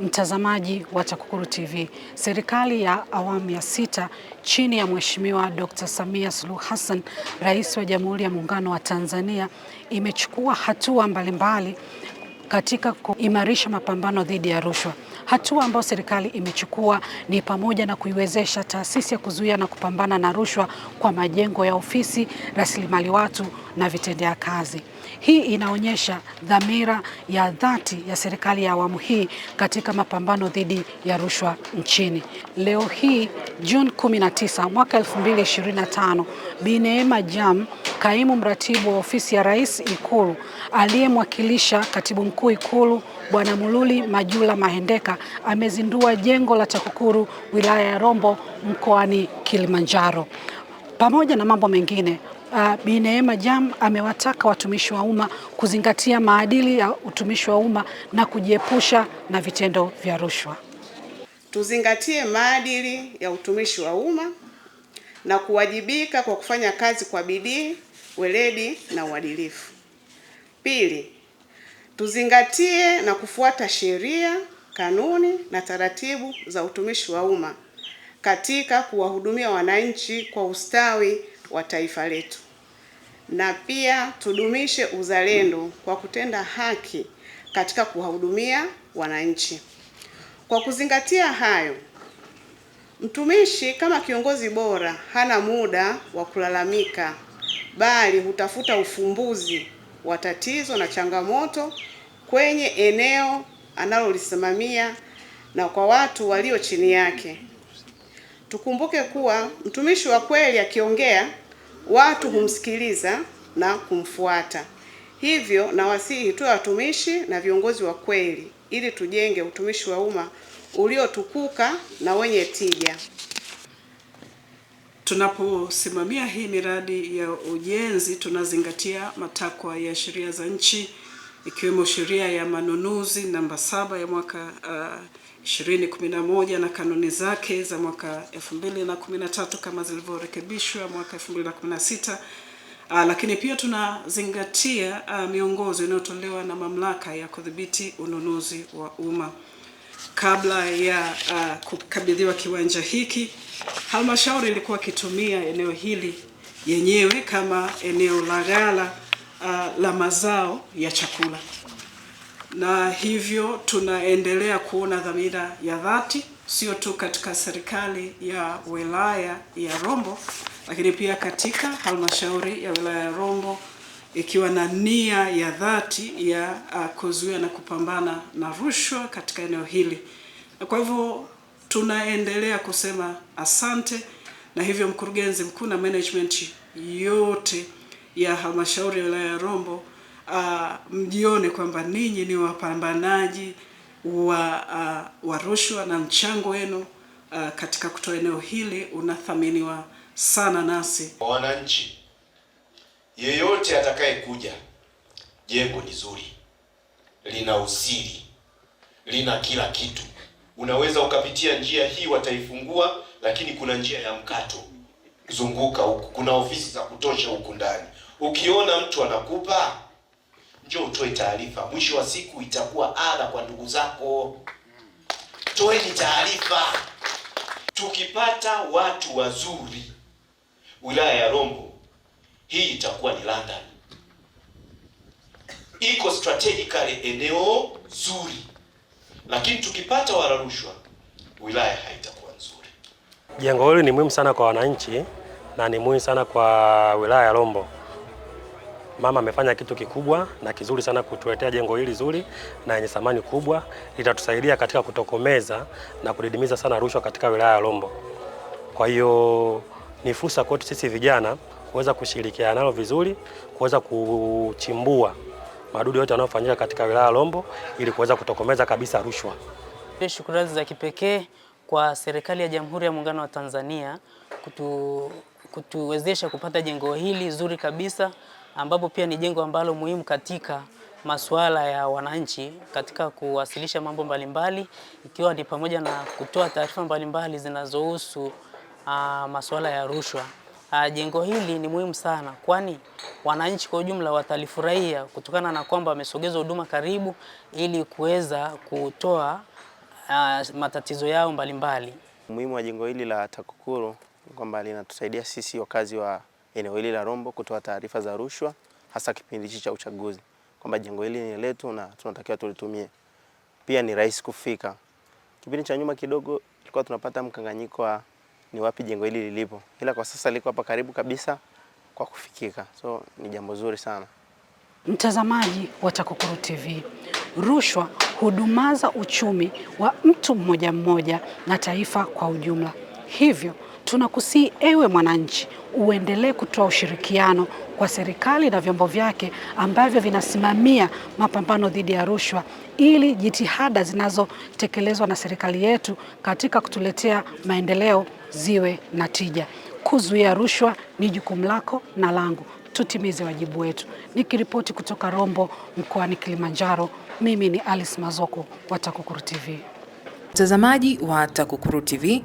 Mtazamaji wa TAKUKURU TV, serikali ya awamu ya sita chini ya Mheshimiwa Dr. Samia Suluhu Hassan, Rais wa Jamhuri ya Muungano wa Tanzania, imechukua hatua mbalimbali katika kuimarisha mapambano dhidi ya rushwa. Hatua ambayo serikali imechukua ni pamoja na kuiwezesha taasisi ya kuzuia na kupambana na rushwa kwa majengo ya ofisi, rasilimali watu na vitendea kazi. Hii inaonyesha dhamira ya dhati ya serikali ya awamu hii katika mapambano dhidi ya rushwa nchini. Leo hii Juni 19 mwaka 2025, Bi Neema Jam, kaimu mratibu wa ofisi ya Rais Ikulu, aliyemwakilisha katibu mkuu Ikulu Bwana Mululi Majula Mahendeka amezindua jengo la TAKUKURU wilaya ya Rombo mkoani Kilimanjaro. Pamoja na mambo mengine uh, Bi Neema Jam amewataka watumishi wa umma kuzingatia maadili ya utumishi wa umma na kujiepusha na vitendo vya rushwa. Tuzingatie maadili ya utumishi wa umma na kuwajibika kwa kufanya kazi kwa bidii, weledi na uadilifu. Pili, tuzingatie na kufuata sheria, kanuni na taratibu za utumishi wa umma katika kuwahudumia wananchi kwa ustawi wa taifa letu, na pia tudumishe uzalendo kwa kutenda haki katika kuwahudumia wananchi. Kwa kuzingatia hayo, mtumishi kama kiongozi bora hana muda wa kulalamika, bali hutafuta ufumbuzi wa tatizo na changamoto kwenye eneo analolisimamia na kwa watu walio chini yake Tukumbuke kuwa mtumishi wa kweli akiongea, watu humsikiliza na kumfuata. Hivyo nawasihi tuwe watumishi na viongozi wa kweli ili tujenge utumishi wa umma uliotukuka na wenye tija. Tunaposimamia hii miradi ya ujenzi, tunazingatia matakwa ya sheria za nchi ikiwemo sheria ya manunuzi namba saba ya mwaka uh, 2011 na kanuni zake za mwaka 2013 kama zilivyorekebishwa mwaka 2016. Uh, ah, lakini pia tunazingatia uh, miongozo inayotolewa na mamlaka ya kudhibiti ununuzi wa umma. Kabla ya uh, kukabidhiwa kiwanja hiki, halmashauri ilikuwa ikitumia eneo hili yenyewe kama eneo la ghala uh, la mazao ya chakula na hivyo tunaendelea kuona dhamira ya dhati sio tu katika serikali ya wilaya ya Rombo, lakini pia katika halmashauri ya wilaya ya Rombo ikiwa na nia ya dhati ya ah, kuzuia na kupambana na rushwa katika eneo hili. Na kwa hivyo tunaendelea kusema asante, na hivyo mkurugenzi mkuu na management yote ya halmashauri ya wilaya ya Rombo uh, mjione kwamba ninyi ni wapambanaji wa, uh, wa rushwa na mchango wenu uh, katika kutoa eneo hili unathaminiwa sana nasi wananchi. Yeyote atakayekuja, jengo ni zuri, lina usiri, lina kila kitu. Unaweza ukapitia njia hii, wataifungua, lakini kuna njia ya mkato zunguka huku, kuna ofisi za kutosha huku ndani. Ukiona mtu anakupa njoo utoe taarifa. Mwisho wa siku itakuwa adha kwa ndugu zako. Toeni taarifa. Tukipata watu wazuri wilaya ya Rombo, hii itakuwa ni London. Iko strategically eneo zuri, lakini tukipata wala rushwa, wilaya haitakuwa nzuri. Jengo hili ni muhimu sana kwa wananchi na ni muhimu sana kwa wilaya ya Rombo. Mama amefanya kitu kikubwa na kizuri sana kutuletea jengo hili zuri na yenye thamani kubwa, litatusaidia katika kutokomeza na kudidimiza sana rushwa katika wilaya ya Rombo. Kwa hiyo ni fursa kwetu sisi vijana kuweza kushirikiana nalo vizuri, kuweza kuchimbua madudu yote yanayofanyika katika wilaya ya Rombo ili kuweza kutokomeza kabisa rushwa. Shukrani za kipekee kwa serikali ya Jamhuri ya Muungano wa Tanzania kutu, kutuwezesha kupata jengo hili zuri kabisa ambapo pia ni jengo ambalo muhimu katika masuala ya wananchi katika kuwasilisha mambo mbalimbali ikiwa ni pamoja na kutoa taarifa mbalimbali zinazohusu ah, masuala ya rushwa. A, ah, jengo hili ni muhimu sana kwani wananchi kwa ujumla watalifurahia kutokana na kwamba wamesogezwa huduma karibu ili kuweza kutoa a, ah, matatizo yao mbalimbali. Umuhimu wa jengo hili la TAKUKURU kwamba linatusaidia sisi wakazi wa eneo hili la Rombo kutoa taarifa za rushwa, hasa kipindi hichi cha uchaguzi, kwamba jengo hili ni letu na tunatakiwa tulitumie. Pia ni rahisi kufika. Kipindi cha nyuma kidogo tulikuwa tunapata mkanganyiko wa ni wapi jengo hili lilipo, ila kwa sasa liko hapa karibu kabisa kwa kufikika, so ni jambo zuri sana. Mtazamaji wa TAKUKURU TV, rushwa hudumaza uchumi wa mtu mmoja mmoja na taifa kwa ujumla, hivyo Tunakusii ewe mwananchi, uendelee kutoa ushirikiano kwa serikali na vyombo vyake ambavyo vinasimamia mapambano dhidi ya rushwa ili jitihada zinazotekelezwa na serikali yetu katika kutuletea maendeleo ziwe na tija. Kuzuia rushwa ni jukumu lako na langu. Tutimize wajibu wetu. Nikiripoti kutoka Rombo mkoani Kilimanjaro, mimi ni Alice Mazoko wa TAKUKURU TV. Mtazamaji wa TAKUKURU TV